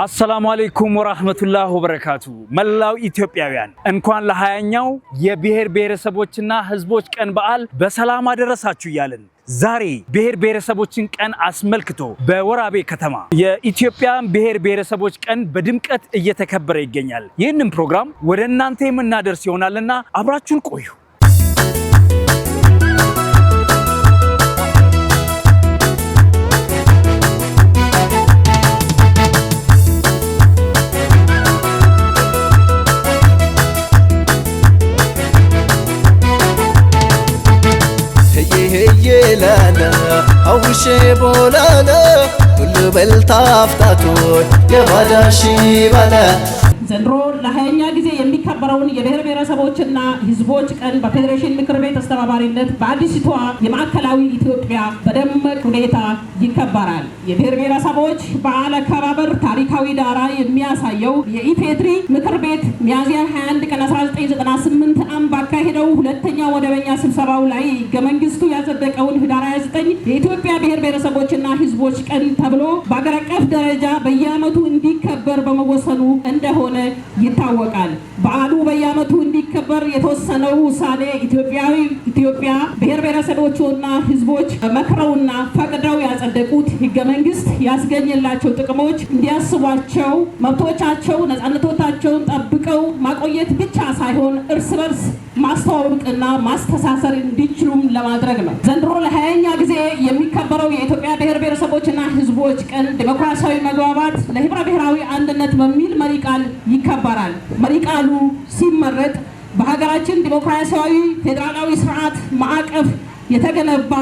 አሰላሙ አለይኩም ወራህመቱላህ ወበረካቱ። መላው ኢትዮጵያውያን እንኳን ለሀያኛው የብሔር ብሔረሰቦችና ህዝቦች ቀን በዓል በሰላም አደረሳችሁ እያልን ዛሬ ብሔር ብሔረሰቦችን ቀን አስመልክቶ በወራቤ ከተማ የኢትዮጵያን ብሔር ብሔረሰቦች ቀን በድምቀት እየተከበረ ይገኛል። ይህንን ፕሮግራም ወደ እናንተ የምናደርስ ይሆናልና አብራችሁን ቆዩ። አስታውሼ ቦላለ ሁሉ በልታ አፍታቶ የባዳሺ ባለ ዘንድሮ ለሀያኛ ጊዜ የሚከበረውን የብሔር ብሔረሰቦችና ሕዝቦች ቀን በፌዴሬሽን ምክር ቤት አስተባባሪነት በአዲስቷ የማዕከላዊ ኢትዮጵያ በደማቅ ሁኔታ ይከበራል። የብሔር ብሔረሰቦች በዓል አከባበር ታሪካዊ ዳራ የሚያሳየው የኢፌድሪ ምክር ቤት ሚያዝያ 21 ቀን 1998 ዓ.ም ባካሄደው ሁለተኛ መደበኛ ስብሰባው ላይ ሕገ መንግስቱ ያጸደቀውን ህዳር 29 የኢትዮጵያ ብሔር ብሔረሰቦችና ሕዝቦች ቀን ተብሎ በአገር አቀፍ ደረጃ በየዓመቱ እንዲ ዘር በመወሰኑ እንደሆነ ይታወቃል። በዓሉ በየዓመቱ እንዲከበር የተወሰነው ውሳኔ ኢትዮጵያዊ ኢትዮጵያ ብሔር ብሔረሰቦችና ሕዝቦች መክረውና ፈቅደው ያጸደቁት ሕገ መንግስት ያስገኘላቸው ጥቅሞች እንዲያስቧቸው መብቶቻቸው፣ ነፃነቶቻቸውን ጠብቀው ማቆየት ብቻ ሳይሆን እርስ በርስ ማስተዋወቅና ማስተሳሰር እንዲችሉም ለማድረግ ነው። ዘንድሮ የሚከበረው የኢትዮጵያ ብሔር ብሔረሰቦችና ሕዝቦች ቀን ዲሞክራሲያዊ መግባባት ለህብረ ብሔራዊ አንድነት በሚል መሪ ቃል ይከበራል። መሪ ቃሉ ሲመረጥ በሀገራችን ዲሞክራሲያዊ ፌዴራላዊ ስርዓት ማዕቀፍ የተገነባ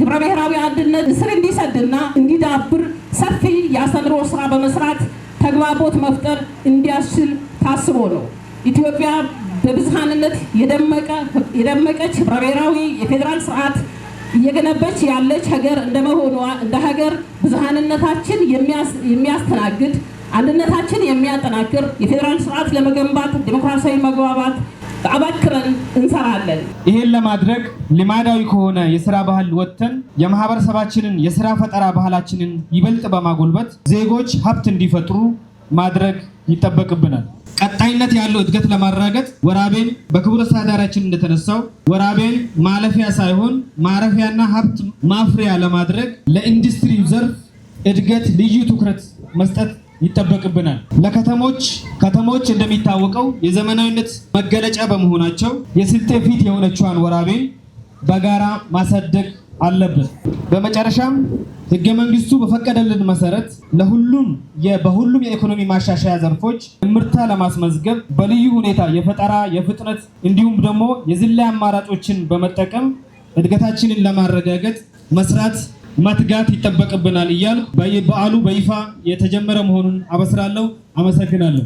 ህብረ ብሔራዊ አንድነት ስር እንዲሰድና እንዲዳብር ሰፊ የአስተምሮ ስራ በመስራት ተግባቦት መፍጠር እንዲያስችል ታስቦ ነው። ኢትዮጵያ በብዝሃንነት የደመቀች ህብረ ብሔራዊ የፌዴራል ስርዓት እየገነበች ያለች ሀገር እንደመሆኗ እንደ ሀገር ብዝሃንነታችን የሚያስተናግድ አንድነታችን የሚያጠናክር የፌዴራል ስርዓት ለመገንባት ዴሞክራሲያዊ መግባባት አባክረን እንሰራለን። ይህን ለማድረግ ልማዳዊ ከሆነ የስራ ባህል ወጥተን የማህበረሰባችንን የስራ ፈጠራ ባህላችንን ይበልጥ በማጎልበት ዜጎች ሀብት እንዲፈጥሩ ማድረግ ይጠበቅብናል። ያለው እድገት ለማረጋገጥ ወራቤን በክቡር አስተዳዳሪያችን እንደተነሳው ወራቤን ማለፊያ ሳይሆን ማረፊያና ሀብት ማፍሪያ ለማድረግ ለኢንዱስትሪው ዘርፍ እድገት ልዩ ትኩረት መስጠት ይጠበቅብናል። ለከተሞች ከተሞች እንደሚታወቀው የዘመናዊነት መገለጫ በመሆናቸው የስልጤ ፊት የሆነችዋን ወራቤን በጋራ ማሳደግ አለብን። በመጨረሻም ህገ መንግስቱ በፈቀደልን መሰረት ለሁሉም በሁሉም የኢኮኖሚ ማሻሻያ ዘርፎች እምርታ ለማስመዝገብ በልዩ ሁኔታ የፈጠራ የፍጥነት እንዲሁም ደግሞ የዝላይ አማራጮችን በመጠቀም እድገታችንን ለማረጋገጥ መስራት መትጋት ይጠበቅብናል እያልኩ በዓሉ በይፋ የተጀመረ መሆኑን አበስራለሁ። አመሰግናለሁ።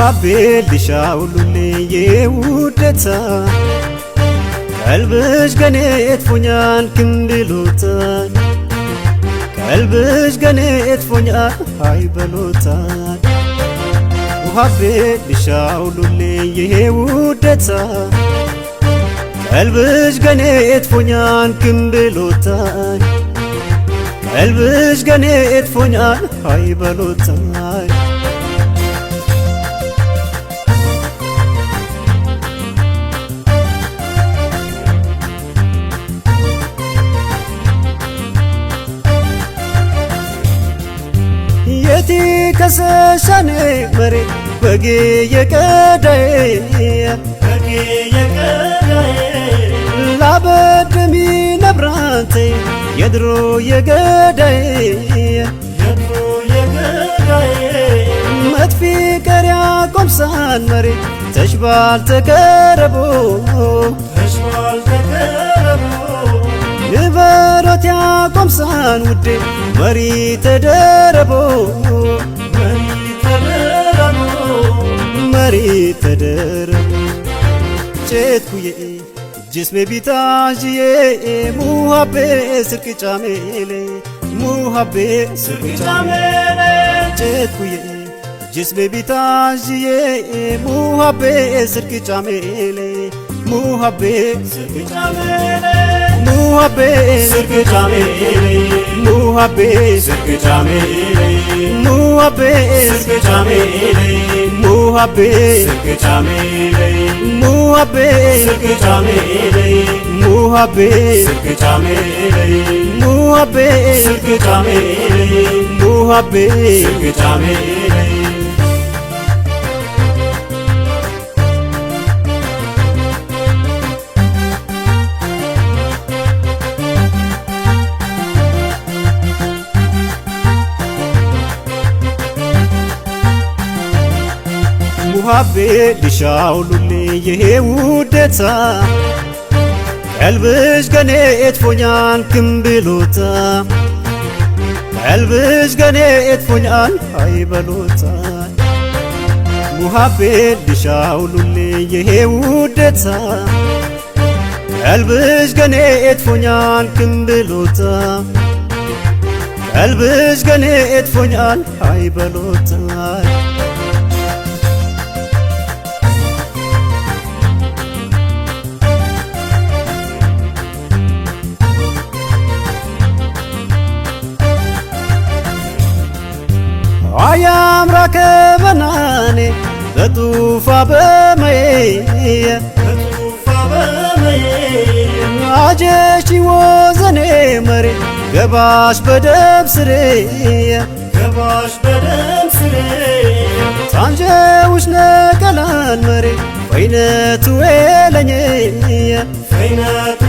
ሀቤል ልሻውሉልኝ የውደታ ቀልብሽ ገኔ እትፎኛን ክንብሎታል ቀልብሽ ገኔ እትፎኛን አይበሎታል ሀቤል ልሻውሉልኝ ውደታ ቀልብሽ ገኔ እትፎኛን ክንብሎታል ቀልብሽ ገኔ እትፎኛን አይበሎታል ሰሳኔ መሬ በጌ የቀዳዬ ላበደሚ ነብራንቴ የድሮ የገዳዬ መጥፊ ቀሪያ ቆምሳን መሬ ተሽባል ተከረቡ ንበሮት ያቆምሳን ውዴ መሪ ተደረቦ በሬ ተደረቡ ጨትኩዬ ጅስሜ ቢታዥዬ ሙሃቤ ስርቅጫሜሌ ሙሃቤ ስርቅጫሜሌ ጨትኩዬ ጅስሜ ቢታዥዬ ሙሃቤ ስርቅጫሜሌ ሙሃቤ ስርቅጫሜሌ ሙሃቤ ስርቅጫሜሌ ሙሃቤ ስርቅጫሜሌ ሙሃቤ ስርቅጫሜሌ muhabbe sikichamele muhabbe sikichamele muhabbe sikichamele muhabbe sikichamele muhabbe sikichamele ሀቤ ልሻው ይሄ ውደታ ቀልብሽ ገኔ ኤትፎኛን ክምብሎታ ቀልብሽ ገኔ ኤትፎኛን አይበሎታ ሙሀቤ ልሻው ይሄ ውደታ ቀልብሽ ገኔ ኤትፎኛን ክምብሎታ ቀልብሽ ገኔ ኤትፎኛን አይበሎታ አያምራከ በናኔ በጡፋ በመየ አጀቺ ወዘኔ መሪ ገባሽ በደብስሬ ገባሽ በደብስሬ ሳንጀውሽ ነቀላን መሬ ፈይነቱ ለኝ ፈይነቱ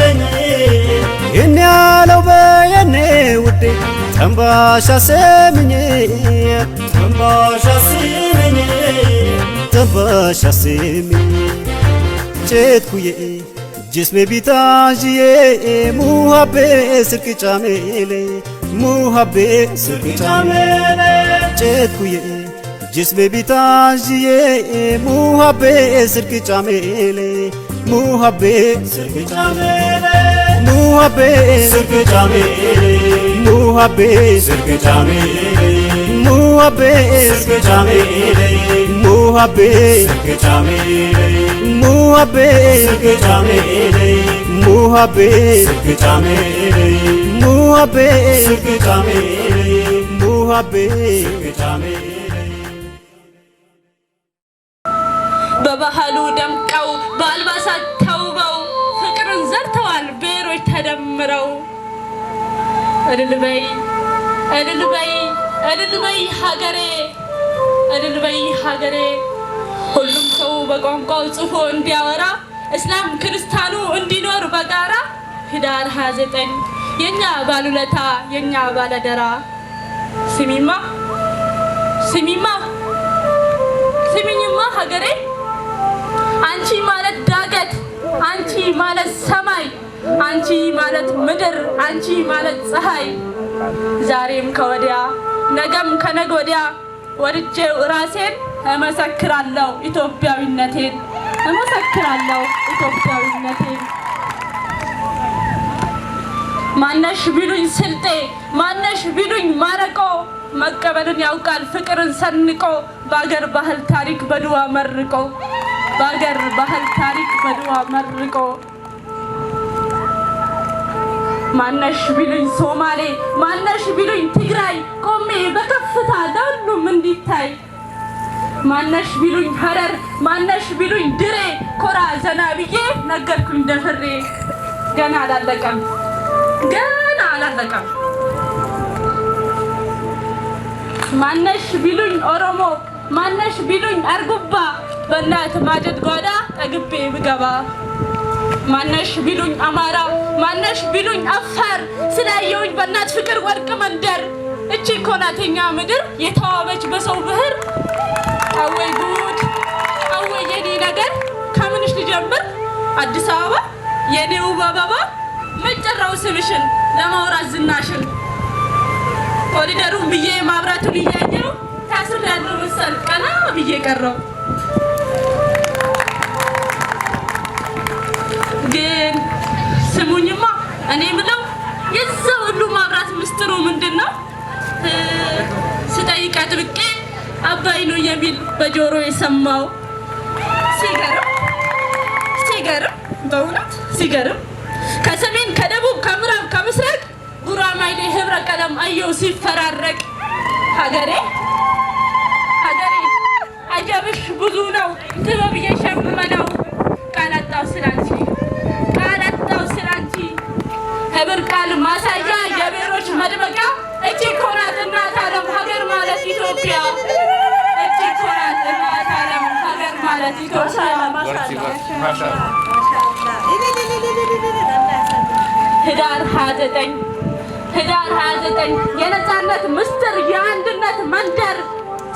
ለኝ ይህን ያለው በየኔ ውዴ ተንባሻ ስምኝ ተንባሻ ስምኝ ተንባሻ ስምኝ ቼትኩዬ ጅስሜ ቢታዥዬ ሙሃቤ ስርቅ ጫሜሌ ሙሃቤ ስርቅ ጫሜሌ ቼትኩዬ ጅስሜ ቢታዥዬ ሙሃቤ ስርቅ ጫሜሌ ሙሃቤ ስርቅ ጫሜሌ ሙሃቤ ስርቅ ጫሜሌ Muhabbe sirke chame Muhabbe sirke chame Muhabbe sirke chame Muhabbe sirke chame Muhabbe sirke chame Muhabbe sirke chame Muhabbe sirke chame በባህሉ ደምቀው በአልባሳት ተውበው ፍቅርን ዘርተዋል ብዕሮች ተደምረው እልል በይ እልል በይ እልል በይ ሀገሬ እልል በይ ሀገሬ። ሁሉም ሰው በቋንቋው ጽፎ እንዲያወራ እስላም ክርስቲያኑ እንዲኖር በጋራ ህዳር 29 የኛ ባሉለታ የኛ ባለደራ ስሚማ ስሚማ ስሚኝማ ሀገሬ አንቺ ማለት ዳገት አንቺ ማለት ሰማይ አንቺ ማለት ምድር፣ አንቺ ማለት ፀሐይ፣ ዛሬም ከወዲያ ነገም ከነገ ወዲያ ወድጄው ራሴን እመሰክራለሁ ኢትዮጵያዊነቴን እመሰክራለሁ ኢትዮጵያዊነቴን። ማነሽ ቢሉኝ ስልጤ፣ ማነሽ ቢሉኝ ማረቆ፣ መቀበልን ያውቃል ፍቅርን ሰንቆ፣ በአገር ባህል ታሪክ በድዋ መርቆ፣ በአገር ባህል ታሪክ በድዋ መርቆ ማነሽ ቢሉኝ ሶማሌ ማነሽ ቢሉኝ ትግራይ ቆሜ በከፍታ ለሁሉም እንዲታይ ማነሽ ቢሉኝ ሀረር ማነሽ ቢሉኝ ድሬ ኮራ ዘና ብዬ ነገርኩኝ ደፍሬ። ገና አላለቀም፣ ገና አላለቀም። ማነሽ ቢሉኝ ኦሮሞ ማነሽ ቢሉኝ አርጉባ በእናት ማጀት ጓዳ ጠግቤ ብገባ ማነሽ ቢሉኝ አማራ፣ ማነሽ ቢሉኝ አፋር፣ ስላየውኝ በእናት ፍቅር ወርቅ መንደር። እቺ እኮ ምድር የተዋበች በሰው ብህር። አወይ ጉድ፣ አወይ የኔ ነገር፣ ከምንሽ ልጀምር? አዲስ አበባ የኔው አበባ፣ መጨረሻው ስምሽን ለማውራት ዝናሽን፣ ኮሪደሩን ብዬ ማብራቱን እያየው ያለው መሰል ቀና ብዬ ቀረው ግን ስሙኝማ፣ እኔ ምለው የዛ ሁሉ ማብራት ምስጢሩ ምንድን ነው? ስጠይቅ አጥብቄ አባይ ነው የሚል በጆሮ የሰማው ሲገርም ሲገርም በእውነት ሲገርም ከሰሜን ከደቡብ ከምዕራብ ከምስራቅ ጉራማይሌ ህብረ ቀለም አየው ሲፈራረቅ ሀገሬ ሀገሬ አጀብሽ ብዙ ነው ጥበብ የሸመነው ቃላጣው ስላንቺ የክብር ቃል ማሳያ የብሔሮች መድመቂያ እጅግ ኩራት እናት ዓለም ሀገር ማለት ኢትዮጵያ እናት ዓለም ሀገር ማለት ኢትዮጵያ ህዳር ህዳር የነፃነት ምስጢር የአንድነት መንደር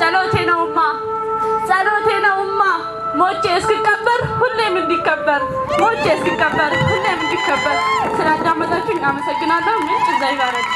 ጸሎቴ ነውማ ጸሎቴ ነውማ ሞቼ እስክቀበር ሁሌም እንዲከበር ሞቼ እስክቀበር እንዲከበር ስላዳመጣችሁኝ አመሰግናለሁ። ምንጭ እዛ ይባረግ።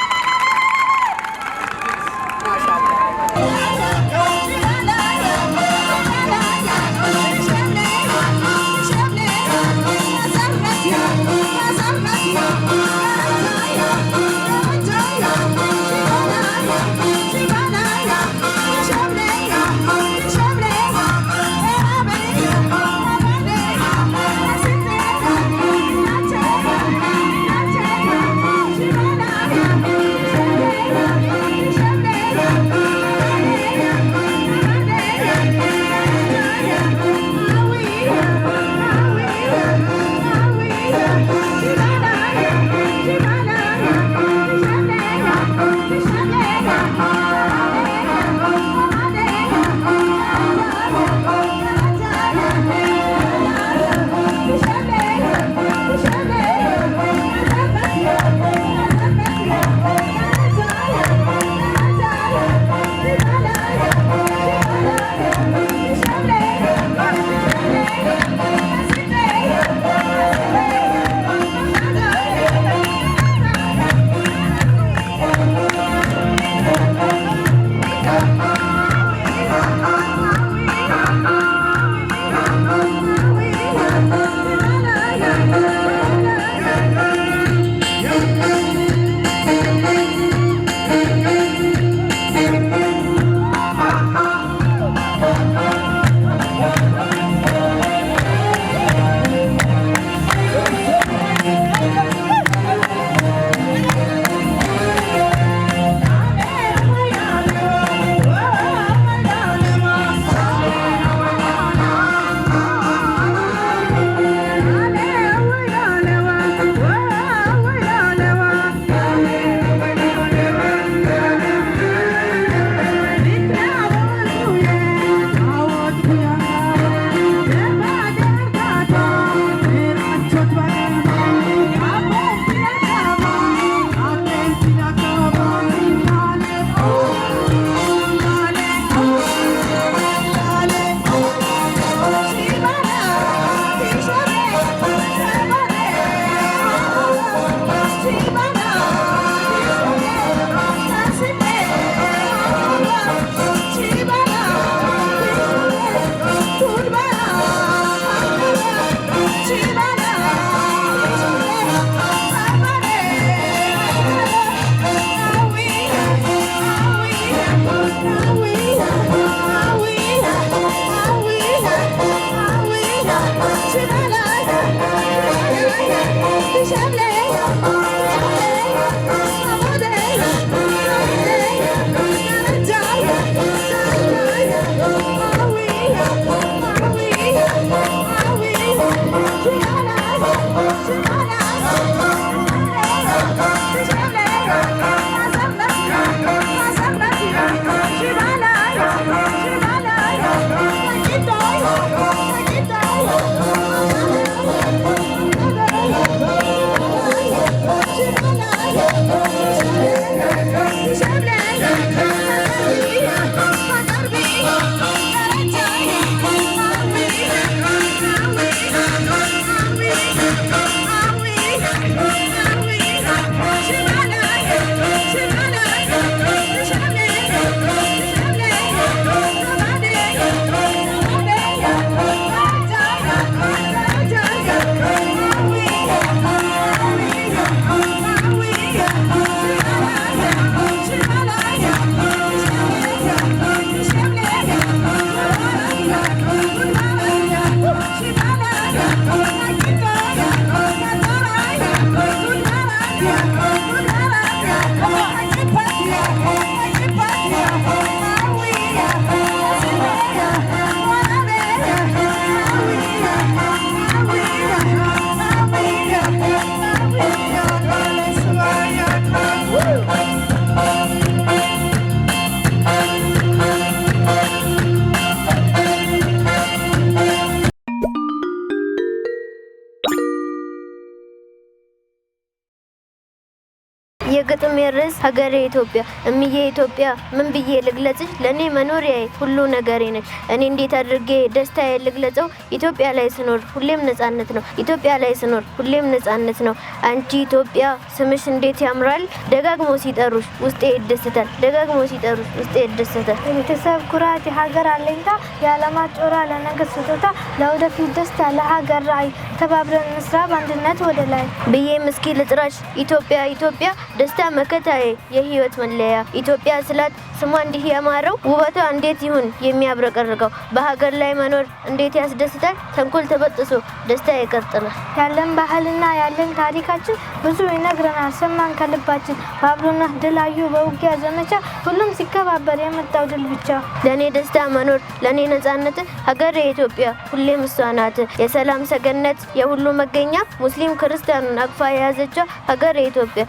የግጥም ርዕስ ሀገሬ ኢትዮጵያ እምዬ ኢትዮጵያ ምን ብዬ ልግለጽሽ? ለእኔ መኖሪያዬ ሁሉ ነገሬ ነች። እኔ እንዴት አድርጌ ደስታዬ ልግለጸው? ኢትዮጵያ ላይ ስኖር ሁሌም ነጻነት ነው። ኢትዮጵያ ላይ ስኖር ሁሌም ነጻነት ነው። አንቺ ኢትዮጵያ ስምሽ እንዴት ያምራል! ደጋግሞ ሲጠሩሽ ውስጤ ይደሰታል። ደጋግሞ ሲጠሩሽ ውስጤ ይደሰታል። ቤተሰብ ኩራት፣ የሀገር አለኝታ፣ የዓለማት ጮራ፣ ለነገ ስጦታ፣ ለወደፊት ደስታ፣ ለሀገር ራዕይ፣ ተባብረን እንስራ በአንድነት ወደ ላይ ብዬ ምስኪ ልጥራሽ ኢትዮጵያ ኢትዮጵያ ደስ የደስታ መከታዬ የህይወት መለያ ኢትዮጵያ ስላት ስሟ እንዲህ ያማረው ውበቷ እንዴት ይሁን የሚያብረቀርቀው በሀገር ላይ መኖር እንዴት ያስደስታል። ተንኩል ተበጥሶ ደስታ ይቀርጥናል። ያለን ባህልና ያለን ታሪካችን ብዙ ይነግረናል። ሰማን ከልባችን በአብሮና ድላዩ በውጊያ ዘመቻ ሁሉም ሲከባበር የመጣው ድል ብቻ ለእኔ ደስታ መኖር ለእኔ ነጻነት ሀገር የኢትዮጵያ ሁሌም እሷ ናት። የሰላም ሰገነት የሁሉ መገኛ ሙስሊም ክርስቲያኑን አቅፋ የያዘቻ ሀገር የኢትዮጵያ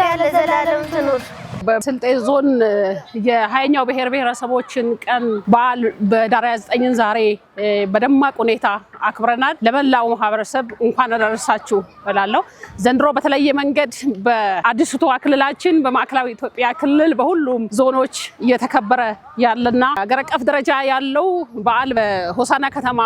ኢትዮጵያ ለዘላለም ትኑር። በስልጤ ዞን የሃያኛው ብሔር ብሔረሰቦችን ቀን በዓል በዳር 29 ዛሬ በደማቅ ሁኔታ አክብረናል። ለመላው ማህበረሰብ እንኳን አደረሳችሁ እላለሁ። ዘንድሮ በተለየ መንገድ በአዲስቷ ክልላችን በማዕከላዊ ኢትዮጵያ ክልል በሁሉም ዞኖች እየተከበረ ያለና ሀገር አቀፍ ደረጃ ያለው በዓል በሆሳና ከተማ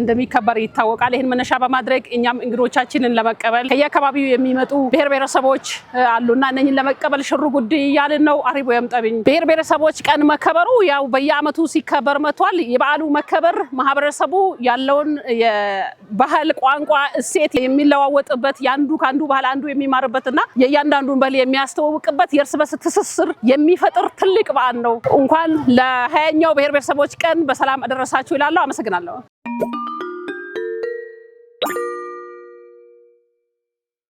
እንደሚከበር ይታወቃል። ይህን መነሻ በማድረግ እኛም እንግዶቻችንን ለመቀበል ከየአካባቢው የሚመጡ ብሔር ብሔረሰቦች አሉና እነኝን ለመቀበል ሽሩ ጉድ እያልን ነው። አሪቦ የምጠብኝ ብሔር ብሔረሰቦች ቀን መከበሩ ያው በየአመቱ ሲከበር መቷል። የበዓሉ መከበር ማህበረሰቡ ያለውን የባህል ቋንቋ፣ እሴት የሚለዋወጥበት የአንዱ ከአንዱ ባህል አንዱ የሚማርበትና የእያንዳንዱን በል የሚያስተዋውቅበት የእርስ በርስ ትስስር የሚፈጥር ትልቅ በዓል ነው። እንኳን ለሀያኛው ብሔር ብሔረሰቦች ቀን በሰላም አደረሳችሁ ይላለሁ። አመሰግናለሁ።